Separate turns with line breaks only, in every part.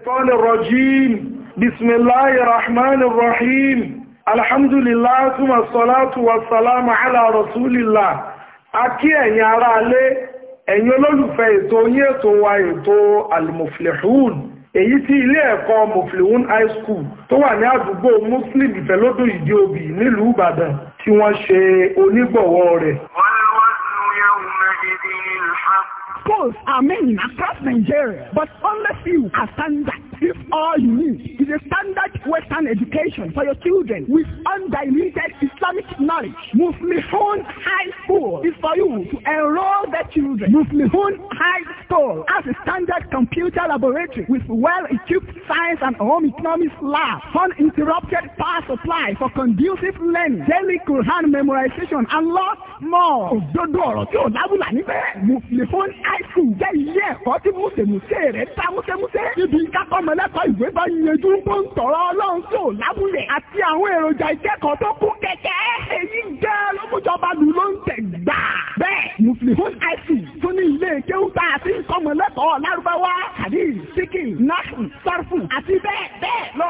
الشيطان الرجيم بسم الله الرحمن الرحيم الحمد لله ثم الصلاة والسلام على رسول الله Akí ẹ̀yin ará ilé, ẹ̀yin olólùfẹ́ ètò yín ètò wa ètò Al-Muflihun, èyí tí ilé ẹ̀kọ́ Muflihun High School tó wà ní àdúgbò Muslim Ìfẹ́lódò Ìdí Obì nílùú Ìbàdàn tí wọ́n ṣe onígbọ̀wọ́ rẹ̀.
Wọ́n Schools are made across Nigeria, but only few are standard. If all you need is a standard Western education for your children with undiluted Islamic knowledge. Muflihun High School is for you to enroll the children. Muflihun High School has a standard computer laboratory with well-equipped science and home economics lab, uninterrupted power supply for conducive learning, daily Quran memorization, and lots more. Òdodo ọ̀rọ̀ tí ò lábùlà níbẹ̀. Muflihun High School jẹ́ ilé ẹ̀kọ́ tí Mùsèmùsè rẹ̀ ta Mùsèmùsè. Níbi kákọ́ mọ́lẹ́kọ̀ọ́ ìwé bá yanjú tó ń tọ̀rọ ọlọ́run tí ò lábúlẹ̀ àti àwọn èròjà ìkẹ́kọ̀ọ́ tó kún kẹ̀kẹ́ èyí jẹ́ lókùjọba lù ló ń tẹ̀ gbàá muslim fún ẹ̀sìn tó ní ilé kéwúta àti ìkọmọlẹ́kọ̀ọ́ lárúbáwá hadith sikin nahun sarfu àti bẹ́ẹ̀ bẹ́ẹ̀ lọ.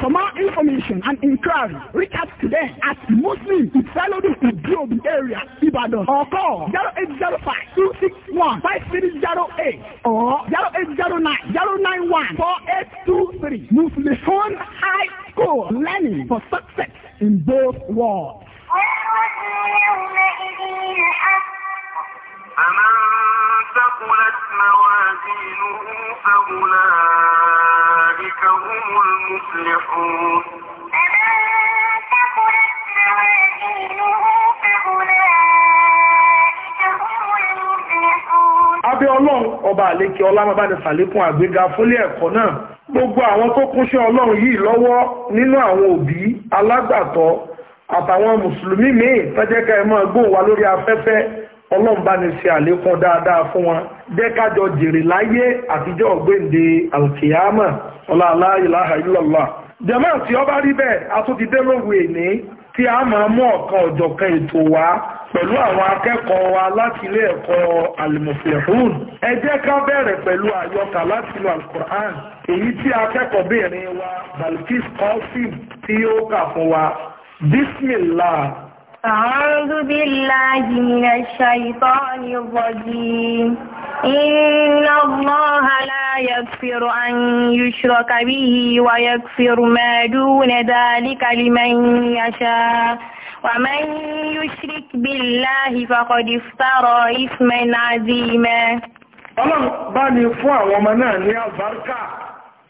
for more information and inquiry reach out to them at muslim ìfẹ́lódù ìdíòbí area ìbàdàn or call zero eight zero five two six one five three zero eight or zero eight zero nine zero nine one four eight two three muslim high school learning for success in both worlds. ويوم يومئذ الحق فمن ثقلت موازينه فأولئك هم المفلحون فمن ثقلت موازينه فأولئك هم المفلحون Abẹ́ Ọlọ́run
ọba àlékè ọlámọ́báni ṣàlékún àgbéga fúnlé ẹ̀kọ́ náà. Gbogbo àwọn tó kúnṣẹ́ Ọlọ́run yìí lọ́wọ́ nínú àwọn òbí alágbàtọ́ àtàwọn Mùsùlùmí míì tọ́jẹ́kẹ́ ẹ máa lórí afẹ́fẹ́ ọlọ́run bá ní ṣe àlékún dáadáa fún wọn jẹ́ kájọ jèrè láyé àtijọ́ ọ̀gbẹ́ǹde alkiyama ọláàlá ìlàhà ìlọ́lá jẹ́mọ́ tí ó bá rí bẹ́ẹ̀ a tún ti dé èní tí a máa mú ọ̀kan ọ̀jọ̀kan ètò wa pẹ̀lú àwọn akẹ́kọ̀ọ́ wa láti ilé ẹ̀kọ́ alimuflehun ẹ jẹ́ ká bẹ̀rẹ̀ pẹ̀lú àyọkà láti inú alukur'an èyí tí akẹ́kọ̀ọ́bìnrin wa balkis kọ́sìm tí ó kà fún wa
bismillah أعوذ بالله من الشيطان الرجيم إن الله لا يغفر أن يشرك به ويغفر ما دون ذلك لمن يشاء ومن يشرك بالله فقد افترى إثما عظيما
ọlọ́run bá ní fún àwọn ọmọ náà ní àbáríkà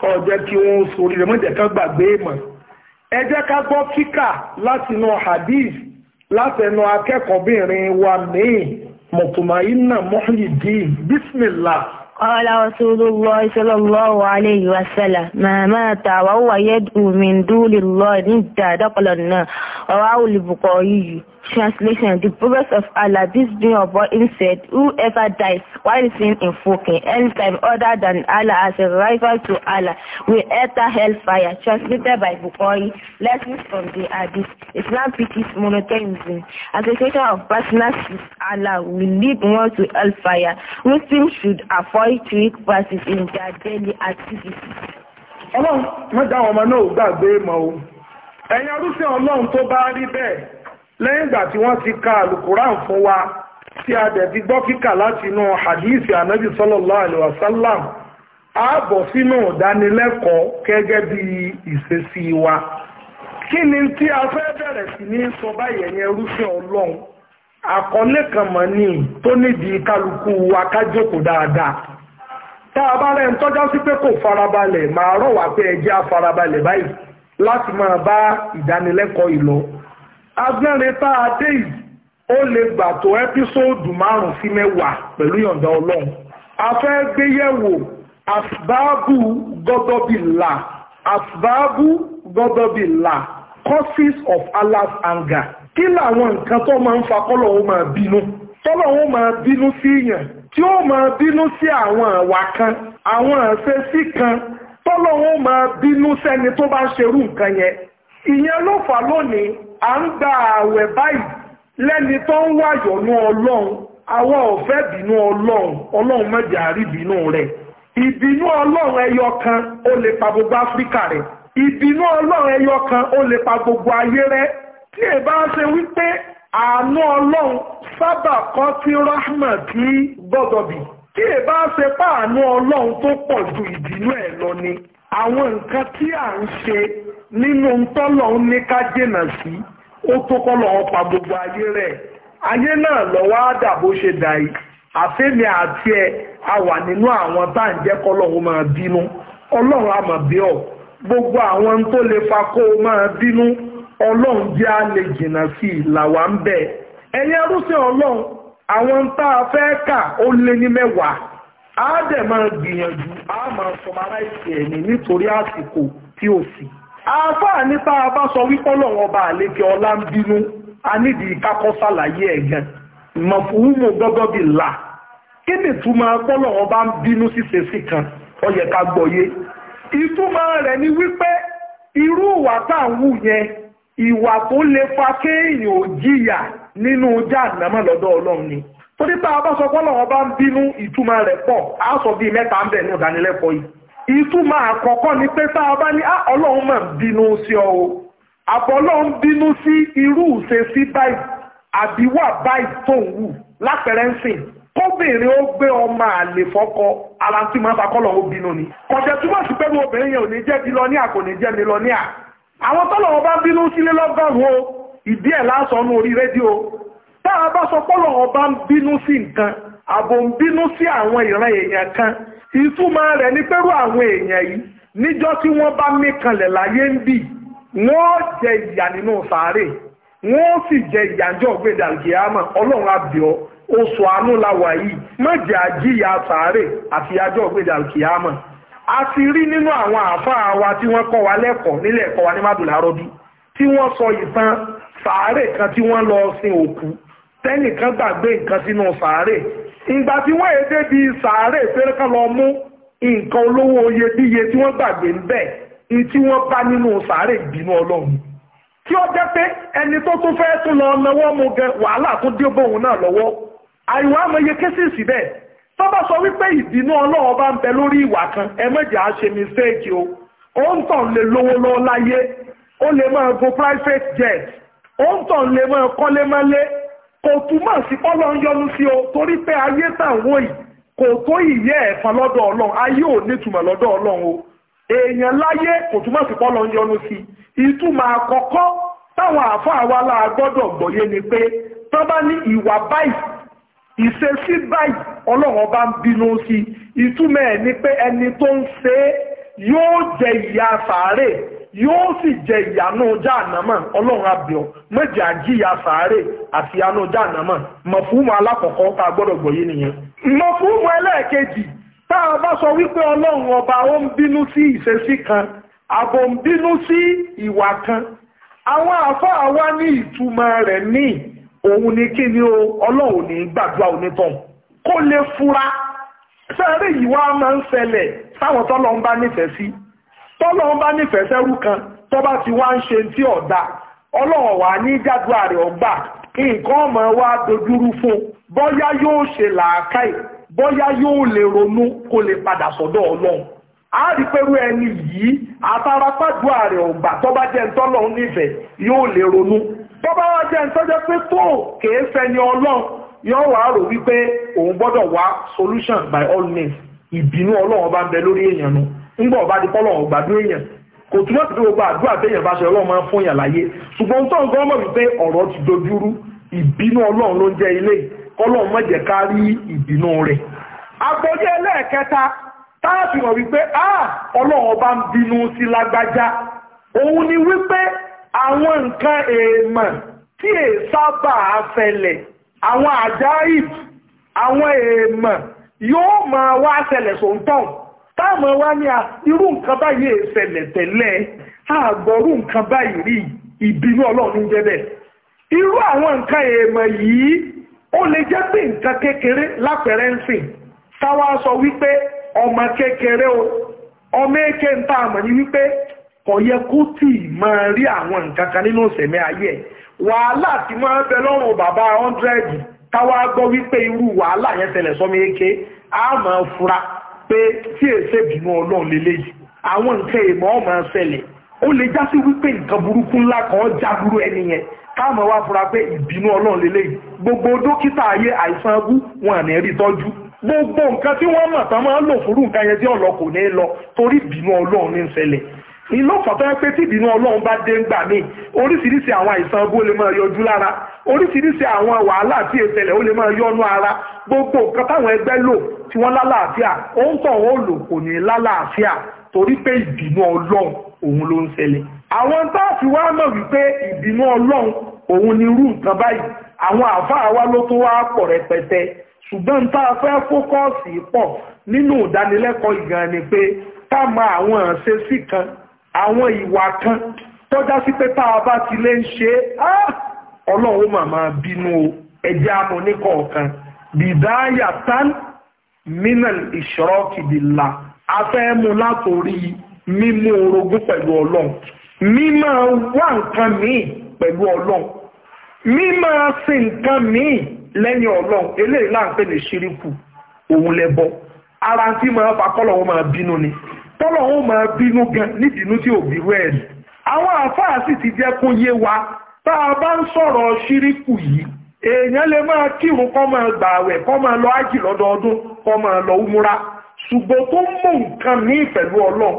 kó jẹ́ kí wọ́n sórí rẹ̀ mọ́jẹ̀ gbàgbé mọ̀ ẹ ká gbọ́ kíkà látinú hadith látẹnu akẹ́kọ̀ọ́bìnrin wa míì mọ̀tùmáyínà
mọ́hìndín bísmìlá قال رسول الله صلى الله عليه وسلم ما مات وهو يدعو من دون الله نجد دخل النار رواه البخاري Translation The Prophet of Allah, peace be upon him, said, Whoever dies while sin invoking any time other than Allah as a rival to Allah will enter hellfire. Translated by Bukhari. Lessons from the Hadith. Islam preaches monotheism. Association of partners with Allah will lead one to hellfire. Muslims should avoid for each week practice in their daily activity.
ọlọ́run mẹ́ta ọmọ náà ò gbàgbé ma o ẹ̀yin arúfin ọlọ́run tó bá rí bẹ́ẹ̀ lẹ́yìn ìgbà tí wọ́n ti ka alukuran fún wa tí a dẹ̀ ti gbọ́ kíkà láti inú hadith anabi sallallahu alayhi wa sallam sínú ìdánilẹ́kọ̀ọ́ gẹ́gẹ́ bí ìṣesí wa kí ni tí a fẹ́ bẹ̀rẹ̀ sí ní sọ ọlọ́run àkọlé kan mọ̀ tó nídìí kálukú wa tá a bá rẹ̀ ń tọ́já sí pé kò farabalẹ̀ máa rọ̀ wá pé ẹjẹ́ afarabalẹ̀ báyìí láti máa bá ìdánilẹ́kọ̀ọ́ ìlọ. agbẹ́rin tá a dé yìí ó lè gbà tó ẹ́písòòdù márùn-ún sí mẹ́wàá pẹ̀lú yọ̀ǹda ọlọ́run a fẹ́ gbéyẹ̀wò asbáàbù gọ́dọ̀bìlà asbáàbù gọ́dọ̀bìlà causes of Allah's anger kí làwọn nǹkan tó máa ń fa kọ́lọ̀ ó máa bínú tọ́lọ̀ ó máa bínú sí yàn tí ó máa bínú sí àwọn àwà kan àwọn àṣesí kan tọ́lọ́wọ́ máa bínú sẹ́ni tó bá ṣerú nǹkan yẹn ìyẹn ló fà lónìí à ń gba ààwẹ̀ báyìí lẹ́ni tó ń wáyọ̀nú ọlọ́run àwọn ọ̀fẹ́ bínú ọlọ́run ọlọ́run mẹ́jẹ̀ àríbínú rẹ̀ ìbínú ọlọ́run ẹyọ kan ó lè pa gbogbo áfíríkà rẹ̀ ìbínú ọlọ́run ẹyọ kan ó lè pa gbogbo ayé rẹ̀ tí èbá ṣe wípé àánú ọlọ́run sábà kọ́ tí rahma tí gbọ́dọ̀ bì tí ẹ bá ṣe páànú ọlọ́run tó pọ̀ ju ìdínú ẹ̀ lọ ni àwọn nǹkan tí à ń ṣe nínú tọ́lọ́run ní ká jìnà sí ó tó kọ́ lọ́wọ́ pa gbogbo ayé rẹ̀ ayé náà lọ́wọ́ á dà bó ṣe dà yìí àfẹ́mi àti ẹ̀ a wà nínú àwọn tá à ń jẹ́ kọ́lọ́run máa bínú ọlọ́run á máa bí ọ gbogbo àwọn tó lè fa kó máa bínú ọlọ́run jẹ́ a lè jìnnà sí ìlàwà ń bẹ̀ ẹ̀yin arúsìn ọlọ́run àwọn tá a fẹ́ kà ó lé ní mẹ́wàá á dẹ̀ máa gbìyànjú a máa sọmárà ìsì ẹ̀mí nítorí àsìkò tí ó sì. ọba ọlá ń a sàlàyé ẹ̀ gan là kí ni ìtumọ̀ ọba ń bínú sí kan ni wípé irú ìwà tá à yẹn ìwà tó lè fa kéèyàn ò jìyà nínú jàǹdàmọ́ lọ́dọ̀ ọlọ́run ni torí ń bínú ìtumọ̀ rẹ̀ pọ̀ á sọ bíi mẹ́ta ń bẹ̀ ní ìdánilẹ́kọ̀ọ́ yìí ìtumọ̀ àkọ́kọ́ ni pé tá a bá ní ah, ọlọ́run máa ń bínú sí ọ o ọlọ́run bínú sí irú ìṣe sí báyìí àbíwà báyìí tó ń wù ń sìn kóbìnrin ó gbé ọmọ àlè àwọn tọ́lọ̀wọ́ bá bínú sílé lọ́gọ́rùn-ún ìdí ẹ̀ lásọ ní orí rédíò táà bá sọ pọ́lọ̀wọ́ bá ń bínú sí nǹkan àbò ń bínú sí àwọn ìran èèyàn kan ìtumọ̀ rẹ̀ ní pẹ́rú àwọn èèyàn yìí níjọ́ tí wọ́n bá mí kanlẹ̀ láyé ń bì wọ́n jẹ ìyà nínú sàárè wọ́n sì jẹ ìyàjọ́ ògbèdà gíámà ọlọ́run àbíọ́ oṣù àánú làwà yìí má jẹ́ àjíyà sàárè àti ìyàjọ́ ògbèdà gíámà a ti rí nínú àwọn àáfàá wa tí wọ́n kọ́ wa lẹ́kọ̀ọ́ nílẹ̀ ẹ̀kọ́ wa ní mádùlárọ́dú tí wọ́n sọ ìtàn sàárè kan tí wọ́n lọ sin òkú tẹ́nìkan gbàgbé nǹkan sínú sàárè ìgbà tí wọ́n èdè di sàárè fẹ́rẹ́ kan lọ mú nǹkan olówó iyebíye tí wọ́n gbàgbé ń bẹ̀ ní tí wọ́n bá nínú sàárè ìbínú ọlọ́run tí ó jẹ́ pé ẹni tó tún fẹ́ tún lọ lọ́wọ́ mú gan wàhálà tó dé bóun náà lọ́wọ́ àìwá àmọye kéṣìṣì bẹ́ẹ̀ tó bá sọ wípé ìdínú ọlọ́run bá ń bẹ lórí ìwà kan ẹ mẹ́jẹ̀ á ṣe mistake o ó ń tàn lè lówó lọ láyé ó lè máa go private jet ó ń tàn lè máa kọ́lé mọ́lé kò túmọ̀ sí ọlọ́run yọ́nú sí o torí pé ayé tàwọn yìí kò tó ìyẹ́ ẹ̀fọn lọ́dọ̀ ọlọ́run ayé ò nítumọ̀ lọ́dọ̀ ọlọ́run o èèyàn láyé kò túmọ̀ sí ọlọ́run yọ́nú sí ìtumọ̀ àkọ́kọ́ táwọn àfọ àwa la gbọ́dọ̀ gbọ́yé ni pé tọ́ bá ní ìwà báyìí ìṣesí báyìí ọlọ́run ọba ń bínú sí ìtumọ̀ ẹ̀ ni pé ẹni tó ń ṣe é yóò jẹ ìyà sàárè yóò sì jẹ ìyànú jáànámà ọlọ́run abìọ́ méjì àjíyà sàárè àti ìyànú jáànámà mọ̀fúnmu alákọ̀ọ́kọ́ tá a gbọ́dọ̀ gbọ́ yìí nìyẹn. mọ̀fúnmu ẹlẹ́ẹ̀kejì tá a bá sọ wípé ọlọ́run ọba ó ń bínú sí ìṣesí kan àbò ń bínú sí ìwà kan àwọn àfọ àwa ní ìtumọ̀ rẹ̀ níì òun ni kí ni o ọlọ́run ní gbàdúrà onítàn kó lè fura sẹ́rẹ́ yìí wá máa ń ṣẹlẹ̀ sáwọn tọ́lọ ń bá nífẹ̀ẹ́ sí tọ́lọ ń bá nífẹ̀ẹ́ sẹ́rú kan tó bá ti wá ń ṣe tí ọ̀dà ọlọ́run wà ní gbàdúrà rẹ̀ ọgbà nǹkan ọmọ wa dojúrú fún bóyá yóò ṣe làákàì bóyá yóò lè ronú kó lè padà sọ́dọ̀ ọlọ́run a rí pẹ̀lú ẹni yìí àtàràpàdúrà rẹ̀ ọgbà tó bá jẹ́ ń nífẹ̀ẹ́ yóò lè ronú bọ́bá wá jẹ́ ìtọ́jọ́ pé tó kèé fẹ́ni ọlọ́run yóò wà rò wípé òun gbọ́dọ̀ wá solution by all means ìbínú ọlọ́run bá ń bẹ lórí èèyàn nù ńgbọ́ ọba di pọ́lọ́run gbàdúrà èèyàn kò sí gbogbo àdúrà téèyàn bá ṣe máa fún yàn ṣùgbọ́n tó ń wípé ọ̀rọ̀ ti àwọn nǹkan èèmọ̀ tí è sábà afẹlẹ̀ àwọn àjáìb àwọn èèmọ̀ yóò máa wá ṣẹlẹ̀ sóńtàn táàmù wá ní irú nǹkan báyìí èèṣẹlẹ̀ tẹ́lẹ̀ àgbọ̀rú nǹkan báyìí rí ìbínú ọlọ́run jẹ́ bẹ́ẹ̀ irú àwọn nǹkan èèmọ̀ yìí ó lè jẹ́ pé nǹkan kékeré lápẹ̀rẹ́ ń sìn táwa sọ wípé ọmọ kékeré ọmọ èké ń kò yẹ kó tì máa rí àwọn nǹkan kan nínú ìsẹ̀mí ayé ẹ̀ wàhálà tí máa ń bẹ lọ́rùn bàbá hundred táwa gbọ́ wípé irú wàhálà yẹn tẹ̀lẹ̀ sọ́mi eke á máa fura pé tí èsè bínú ọlọ́run lélẹ́yìí àwọn nǹkan èèmọ̀ ọ̀ máa ṣẹlẹ̀ ó lè já sí wípé nǹkan burúkú ńlá kan jábúrú ẹni yẹn káàmọ̀ wá fura pé ìbínú ọlọ́run lélẹ́yìí gbogbo dókítà ayé àìsàn agú wọn àní rí tọ́jú gbogbo nǹkan tí wọ́n mọ̀ tán máa ń lò fúrú nǹkan yẹn tí ọ̀lọ́ kò ní lọ torí ìbínú ọlọ́run ní ń ṣẹlẹ̀ iná fọ̀tọ́ pé tí ìbínú ọlọ́run bá dé ń gbà mí oríṣiríṣi àwọn àìsàn bó lè máa yọjú lára oríṣiríṣi àwọn wàhálà tí ètẹ̀lẹ̀ ó lè máa yọnu ara gbogbo nǹkan táwọn ẹgbẹ́ lò tí wọ́n lálàáfíà ó ń tàn ó lò kò ní lálàáfíà torí pé ìbínú ọlọ́run òun ló ń ṣẹlẹ̀ àwọn tá a fi wá mọ̀ wípé ìbínú ọlọ́run òun ni irú nǹkan báyìí àwọn àáfàá wa ló tó wá pọ̀ rẹpẹtẹ ṣùgbọ́n tá a fẹ́ fókọ́ọ̀sì pọ̀ nínú ìdánilẹ́kọ̀ọ́ ìgan ni pé ká mọ àwọn àṣesí kan àwọn ìwà kan tọ́já sí pé tá a bá ti lè ń ṣe ọlọ́run màmá bínú ẹjẹ́ amọ̀ ní kọ̀ọ̀kan bìdáyà tán minal ìṣọ́rọ́kì bìlà afẹ́mu látòrí mímú orogún pẹ̀lú ọlọ́run mímọ́ wá nǹkan míì pẹ̀lú ọlọ́run mímọ́ sí nǹkan míì lẹ́yìn ọlọ́run eléyìí là ní ṣíríkù òun lẹ́bọ ara tí máa fa kọ́lọ́run máa bínú ni. tọ́lọ̀ ma máa bínú gan níbínú tí ò bírú ẹ̀ ni àwọn àfáà ti jẹ́ kó wa tá a bá ń sọ̀rọ̀ ṣíríkù yìí èèyàn lè máa kírun kọ́ máa gbà àwẹ̀ kọ́ máa lọ ájì lọ́dọọdún kọ́ máa lọ úmúra ṣùgbọ́n tó ń mú nǹkan míì pẹ̀lú ọlọ́run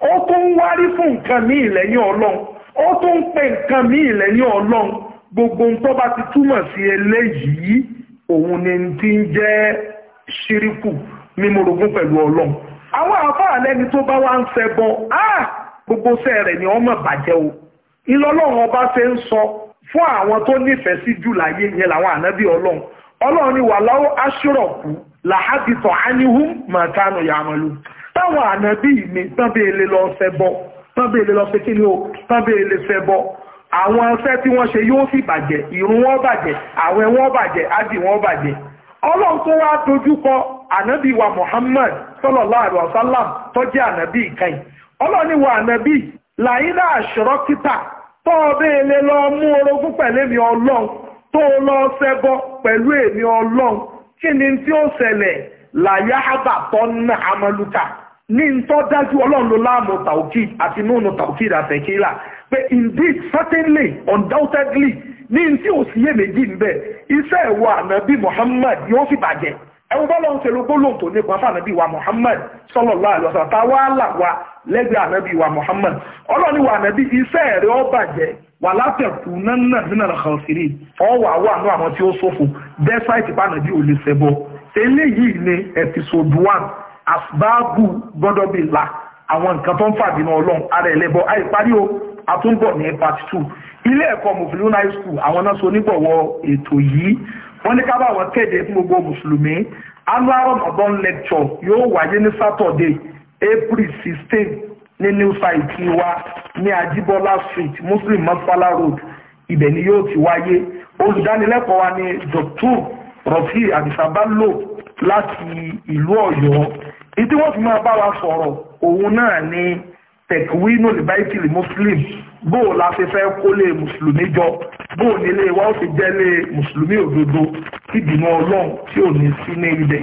ó tó ń wárí fún nǹkan míì ọlọ́run ó tó ń pe nǹkan ọlọ́run gbogbo ń bá ti túmọ̀ sí ni ti ń jẹ́ ṣíríkù pẹ̀lú àwọn àfáà lẹ́ni tó bá wá ń ṣẹbọ ah, gbogbo sẹ́ rẹ̀ ni wọ́n mọ̀ bàjẹ́ o ìlọ́lọ́run ọba ṣe ń sọ fún àwọn tó nífẹ̀ẹ́ sí jù láyé yẹn làwọn ànábì ọlọ́run ọlọ́run ni wà láwọ́ aṣírọ̀kù làhábìtọ̀ ánihùn màtánù yàmọ̀lú táwọn ànábì mi tánbẹ̀ẹ́lẹ́ lọ ṣẹbọ tánbẹ̀ẹ́lẹ́ lọ ṣe kí ni o tánbẹ̀ẹ́lẹ́ ṣẹbọ àwọn ọṣẹ́ tí wọ́n ṣe yóò sì bàjẹ́ ìrun wọn bàjẹ́ àwẹ̀ wọn bàjẹ́ ádì ànábì wa Muhammad sallallahu alaihi wasallam anabi ànábì ìkẹyìn ọlọ́ni wa ànábì làyínà àṣírọ́kítà tó ọbẹ̀ ilé lọ mú orogún pẹ̀lú èmi ọlọ́run tó lọ ṣẹbọ pẹ̀lú èmi ọlọ́run kí ni tí ó ṣẹlẹ̀ làyà la yahaba ń ná amaluka ní tó dájú ọlọ́run ló láàmú àti pé indeed certainly undoubtedly ní tí ò iṣẹ́ Muhammad yóò fi ẹ̀wọ́n bọ́lọ̀ ń tẹ̀lú gbólóhùn tó nípa fànàbí wa Muhammad sallallahu alaihi wasallam táwa là wa lẹ́gbẹ̀ẹ́ ànábì wa Muhammad ọlọ́ni wa ànábì iṣẹ́ rẹ̀ ó bàjẹ́ wà látẹ̀kù nánà nínà kànsìrì ọwọ́ àwọn àánú àwọn tí ó ṣòfò dẹ́sáìtì fànàbí ò lè ṣẹbọ eléyìí ni episode one asbáàbù gbọ́dọ̀ bí la àwọn nǹkan tó ń fàbínú ọlọ́run ara ẹ̀lẹ́bọ àìparí o àtúnbọ̀ ní part two ilé ẹ̀kọ́ mufilun high school àwọn náà so onígbọ̀wọ́ ètò yìí wọ́n ní ká bá wọn kéde fún gbogbo mùsùlùmí annual Ramadan lecture yóò wáyé ní Saturday April sixteen ní new site wa ní Ajibola street Muslim Masfala road ibẹ̀ ni yóò ti wáyé olùdánilẹ́kọ̀ọ́ wa ni Dr. Rafi Adisaballo láti ìlú Ọ̀yọ́ ìdí wọ́n fi máa bá wa sọ̀rọ̀ òun náà ni tẹ̀kíwínú ìbáìkìlì muslim bóò la fi fẹ́ kólé mùsùlùmí jọ bóò nílé wa ó fi jẹ́lé mùsùlùmí òdodo tí ìdìmọ̀ ọlọ́run tí ò ní sí ní ibẹ̀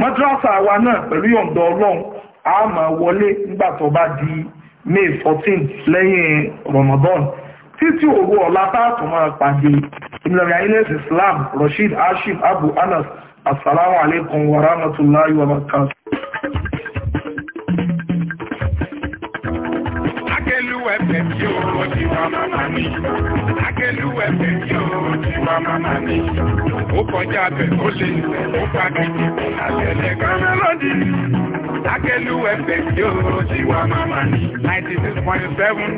mọ́dúrásà wa náà pẹ̀lú yọ̀ǹda ọlọ́run a máa wọlé nígbà tó bá di may fourteen lẹ́yìn ramadan títí òru ọ̀la táàtù máa pàdé ìmìlẹ̀rìn ayélujára islam rasheed hashim abu anas assalamu alaikum warahmatullahi wabarakatuh. tiwa màmá mi. Akẹ́lúwẹ̀ fẹ́ yóò
tiwa màmá mi. Ó kọjá bẹ̀ ó lè ó padà jù. Àtẹ̀lẹ̀ kọ́nà lọ́dì. Akẹ́lúwẹ̀ fẹ́ yóò tiwa màmá
mi. Ninety six point seven.